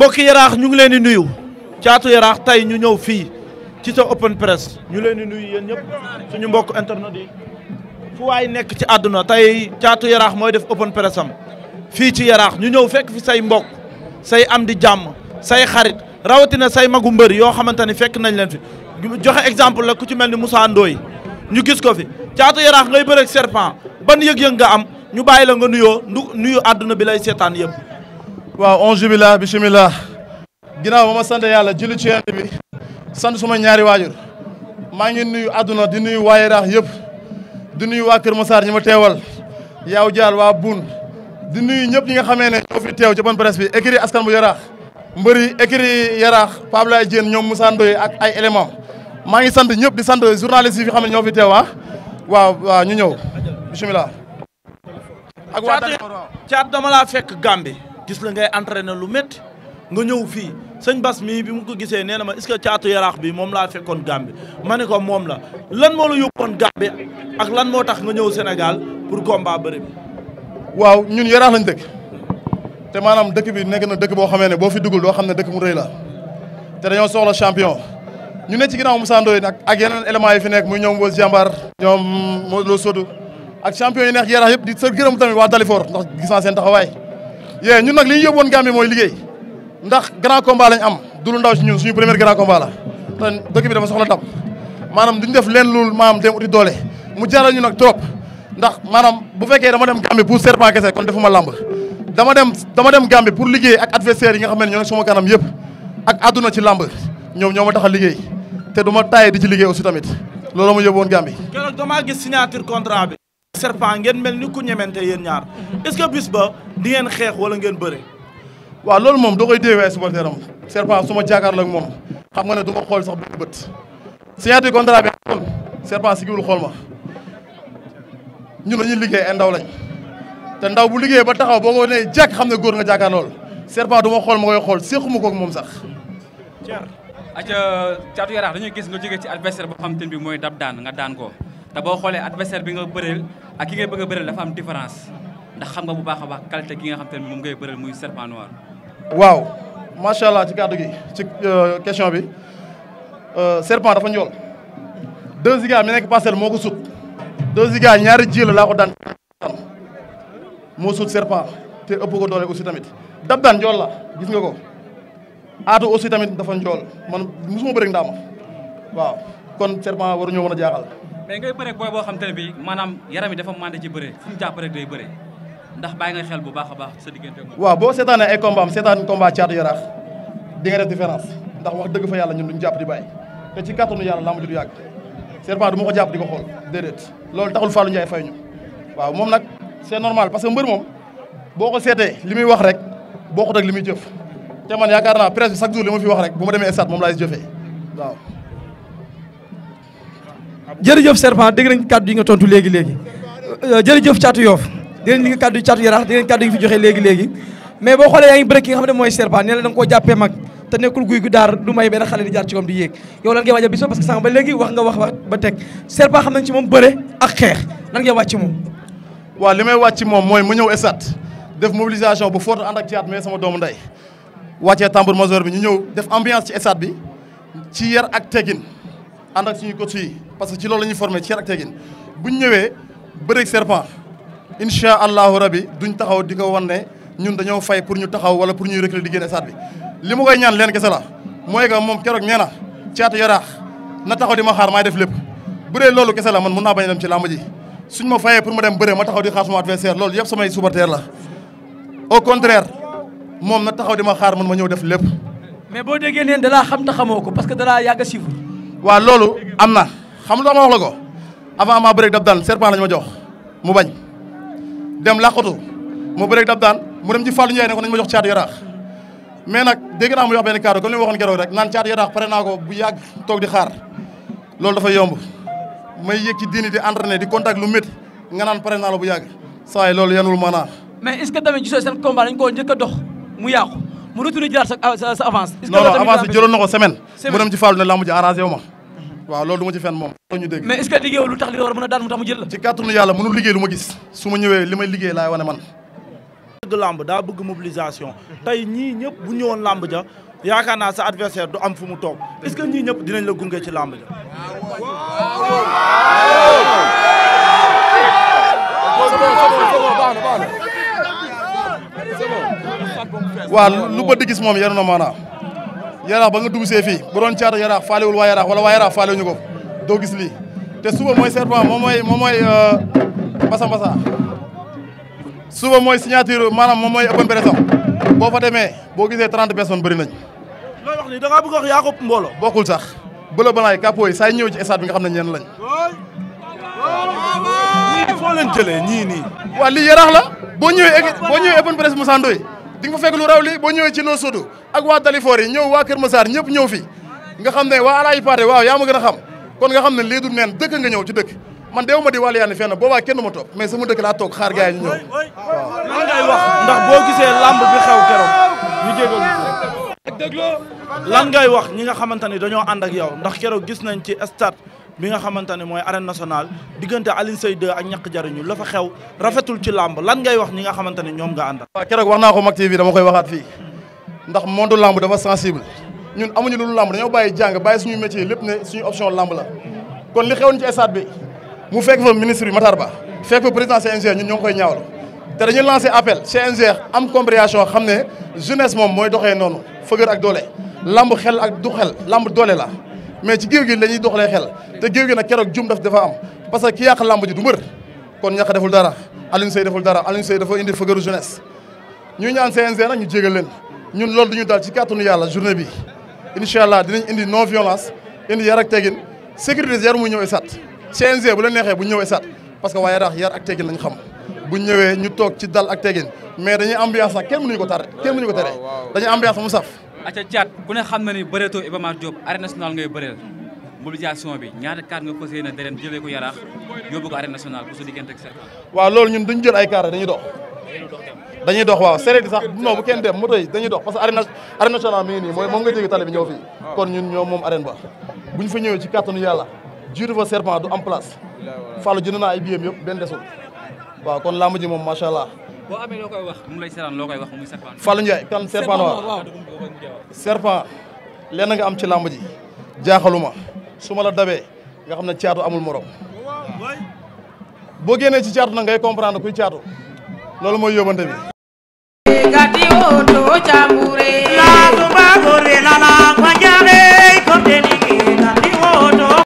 lati yaraax ñu ngi leen di nuyu caatu yaraax tey ñu ñëw fii ci sa open press ñu leen di nuyu yéen ñëpp suñu mbokk internet yi fu waay nekk ci àdduna tey caatu yaraax mooy def open press am fii ci yaraax ñu ñëw fekk fi say mbokk say am di jàmm say xarit rawatina say magu mbër yoo xamante ni fekk nañ leen fi joxe exemple la ku ci mel ni Moussa ñu gis ko fi caatu yaraax ngay bëreeg serpent ban yëg-yëg nga am ñu bàyyi la nga nuyoo nuyu àdduna bi lay seetaan yëpp. waaw onju billah bismillah ginnaaw ba ma sant yàlla julli ci bi sant suma ñaari waajur maa ngi nuyu àdduna di nuyu waa yaraax yëpp di nuyu waa Kër Massar ñi ma teewal yaaw jaal waa buun di nuyu ñëpp ñi nga xamee ne ñoo fi teew ci bonne presse bi écrit askan bu yaraax mbëri écrit yaraax Pablo Dieng ñoom Moussa Ndoye ak ay élément maa ngi sant ñëpp di sant journaliste yi fi xam ne ñoo fi teew ah. waaw waaw ñu ñëw bisimilah. ak waa caat dama laa fekk Gambie gis la ngay entraîné lu métti nga ñëw fii sëñ Bas mii bi mu ko gisee nee na ma est-ce caatu yaraax bi moom laa fekkoon Gambie ma ne ko moom la lan moo la yóbboon Gambie ak lan moo tax nga ñëw Sénégal pour combat bëri bi. waaw ñun yaraax lañ dëkk te maanaam dëkk bi nekk na dëkk boo xamee ne boo fi duggul doo xam ne dëkk mu rëy la te dañoo soxla ñu ne ci ginaaw Moussa Ndoye nag ak yeneen éléments yi fi nekk muy ñoom Wos Jambar ñoom Modou Sodo ak champion yi neex Yaraax yëpp di sa gërëm tamit waa Dalifor ndax gis naa seen taxawaay yee ñun nag li ñu yóbbu woon Gambie mooy liggéey ndax grand combat lañ am du lu ndaw ci ñun suñu premier grand combat la te dëkk bi dafa soxla ndam maanaam duñ def leen loolu maanaam dem uti doole mu jaral ñu nag trop ndax maanaam bu fekkee dama dem Gambie pour serpent kese kon defuma làmb dama dem dama dem Gambie pour liggéey ak adversaire yi nga xam ne ñoo sama kanam yëpp ak àdduna ci làmb ñoom ñoo ma tax liggéey te duma ma di ci liggéey aussi tamit loolu ma yóbbu woon Gambie. keroog damaa gis signature contrat bi. serpent ngeen mel ni ku ñemente yéen ñaar est-ce que ba di ngeen xeex wala ngeen bëre. waaw loolu moom doo koy déewee supporteram serpent su ma jàkkaarloo moom xam nga ne du ma xool sax bu bët signature contrat bi serpent si giwul xool ma ñun dañuy liggéey ay ndaw lañ te ndaw bu liggéey ba taxaw boo ko nee jàkk xam ne góor nga jàkkaar lool serpent du ma xool ma koy xool séquma koog moom sax aca caatu yaraax dañuy gis nga jógee ci adversaire boo xam te ne bi mooy dab daan nga daan ko te boo xoolee adversaire bi nga bëreel ak ki ngay bëgg a bëreel dafa am différence ndax xam nga bu baax a baax qualité gi nga xam te ne moom ngay bëreel muy serpent noir waaw macha allah ci kàddu gi ci euh, question bi euh, serpent dafa njool deux ziga mi nekk parcelle moo ko sut deux ziga ñaari ji laa ko daan moo sut serpent te ëpp ko doole aussi tamit dab daan njool la gis nga ko ato aussi tamit dafa njool man mosuma bëri ndaama waaw kon serment waru ñoo mën a jaaxal. mais ngay bëre boo xam te ne bii maanaam yaram yi dafa màndi ci bëre fu mu jàpp rek day bëre ndax bàyyi nga xel bu baax a baax sa diggante moom. waaw boo seetaanee ay combat am seetaan combat caatu yaraax di nga def différence ndax wax dëgg fa yàlla ñun duñ jàpp di bàyyi te ci kàttanu yàlla laa ma judd yàgg serment du ma ko jàpp di ko xool déedéet loolu taxul Fallou Ndiaye fay ñu waaw moom nag c'est normal parce que mbër moom boo ko seetee li muy wax rek bokkut ak li muy jëf te man yaakaar naa presse bi chaque jour li ma fi wax rek bu ma demee stade moom laay jëfee waaw. jërëjëf Serpent dégg nañ kàddu yi nga tontu léegi léegi euh, jërëjëf Caatu yoof dégg nañ kàddu Caatu Yaraax dégg nañ yi nga fi joxe léegi léegi mais boo xoolee yaa ngi bëre xam ne mooy Serpent nee na da nga koo jàppee mag te nekkul guy gu daar du may benn xale di jaar ci koom di yéeg yow lan ngay waajal bis parce que sànq ba léegi wax nga wax ba teg Serpent xam nañ ci moom bëre ak xeex lan ngay wàcc moom waaw li may wàcc moom mooy mu ñëw stade def mobilisation bu forte ànd ak Caat mais sama doomu nday wàccee tambour major bi ñu ñëw def ambiance ci stade bi ci yar ak teggin ànd ak suñu ko si parce que ci loolu la ñuy formé ci yar ak teggin bu ñu ñëwee bëreeg serpent incha allahu rabi duñ taxaw di ko wan ne ñun dañoo fay pour ñu taxaw wala pour ñuy reculer di génn stade bi. li ma koy ñaan leen kese la mooy que moom keroog nee na caatu yaraax na taxaw di ma xaar maay def lépp bu dee loolu kese la man mun naa bañ dem ci làmb ji suñ ma fayee pour ma dem bëree ma taxaw di xaar sama loolu yëpp samay supporter la au contraire. moom na taxaw di ma xaar man ma ñëw def lépp. mais boo déggee neen dalaa xam te xamoo ko parce que dalaa yàgg a suivre. loolu am na xam nga ma wax la ko avant maa bëreeg dab daan serpent lañ ma jox mu bañ dem làqatu mu bëreeg dab mu dem ci Fallou Ndiaye ne ko nañ ma jox caatu yaraax mais nag dégg naa mu wax benn kaddu comme li ma waxoon rek naan caatu yaraax pare naa ko bu yàgg toog xaar loolu dafa yomb may yëg ci diini di entraîné lu métti nga naan pare naa la bu yàgg saa yi loolu yanul maanaa. mais est ce dox. mu yàqu mu retourné jëlaat sa euh, avance. est avance bi jëloon na ko semaine. mu dem ci Fallou ne laa mujj arrangé wu ma. waaw loolu du ma moom. mais est-ce que liggéeyul lu tax li war a mën a daan mu tax mu jël la. ci kàttanu yàlla mënul liggéey lu ma gis su ñëwee li may liggéey laay wane man. bëgg làmb daa bëgg mobilisation tey ñii ñëpp bu ñëwoon làmb ja yaakaar naa sa adversaire du am fu mu toog est-ce que ñii ñëpp dinañ la gunge ci làmb ja ah, waaw lu bët di gis moom yar na maanaam yaraax ba nga dugg see fii bu doon caata yaraax faalewul waa yaraax wala waa yaraax faalewu ñu ko doo gis lii te suba mooy serpent moom mooy moom mooy euh, mbasa mbasa suba mooy signature maanaam moom mooy ëppan boo fa demee boo gisee trente personnes bëri nañ looy wax ni da ngaa bëgg wax sax bëla ba kàppoo yi saa ñëw ci stade bi nga xam ne ñeen lañ foo leen jëlee ñii nii waa lii yaraax la boo ñëwee boo ñëwee ëppan pression Moussa di nga fa fekk boo ñëwee ci noo sodu ak waa Dalifort yi ñëw waa Kër Massar ñëpp ñëw fi nga xam ne waa alaayi paate waaw yaa ma gën a xam kon nga xam ne lii du neen dëkk nga ñëw ci dëkk man deewu ma di wàllu yaani fenn boobaa kenn ma topp mais sama dëkk laa toog xaar gars yi ñëw waaw wax ndax boo gisee lamb bi xew keroog ñu jégal lan ngay wax ñi nga xamante ni dañoo ànd ak yow ndax keroog gis nañ ci stade bi nga xamante ne mooy arène nationale diggante Alioune Seye a ak ñàkk jariñu lafa xew rafetul ci làmb lan ngay wax ñi nga xamante ne ñoom nga àndal. waaw keroog wax naa ko Mak TV dama koy waxaat fii ndax monde làmb dafa sensible ñun amuñu lu làmb dañoo bàyyi jàng bàyyi suñu métier lépp ne suñu option làmb la kon li xewoon ci stade bi mu fekk fa ministre bi Matar Ba fekk fa président CNG ñun ñoo ngi koy ñaawlu te dañuy lancé appel CNG am compréhension xam ne jeunesse moom mooy doxee noonu fëgër ak doole làmb xel ak du xel làmb la mais ci géew gi la ñuy doxalee xel te géew gi nag keroog jum dafa am parce que ki yàq làmb ji du mbër kon ñàkk deful dara Alioune Seye deful dara Alioune Seye dafa indi fëgëru jeunesse ñuy ñaan CNG nag ñu jégal leen ñun loolu du daal ci kàttanu yàlla journée bi incha allah dinañ indi non violence indi yar ak teggin sécurité yar mu ñëw esat CNG bu leen neexee bu ñëw esat parce que waaye rax yar ak teggin lañ xam bu ñëwee ñu toog ci dal ak teggin mais dañuy ambiance nag kenn mënuñu ko tere kenn mënuñu ko tere dañuy ambiance mu saf aca caat ku ne xam na ni bëreetoo Iba Mar Diop arène ngay bëreel mobilisation bi ñaata kaar nga fas yéene dereen jëlee ko yaraax yóbbu ko arène nationale pour sa diggante ak Serkan waaw loolu ñun duñu jël ay kaar dañuy dox dañuy dox waaw sereet yi sax non bu kenn dem moto yi dañuy dox parce que arène nationale moom nga jóge tali ñëw fii kon ñun ñoom moom arène ba buñ fa ñëwee ci kàttanu yàlla jiitu fa serpent du am place Fallou jënd naa ay biyam boo amee loo koy wax mu lay seraan loo koy wax muy serpent. Fallou Ndiaye kan serpent nga am ci làmb ji jaaxaluma su ma la dabee nga xam ne caatu amul morom boo génnee ci caatu nag ngay comprendre kuy caatu loolu mooy yóbbante bi. gàtti oto càmbure. laatu baaxul la la ma jaare.